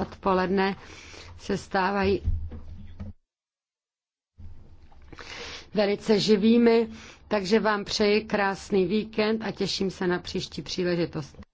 odpoledne se stávají velice živými, takže vám přeji krásný víkend a těším se na příští příležitost.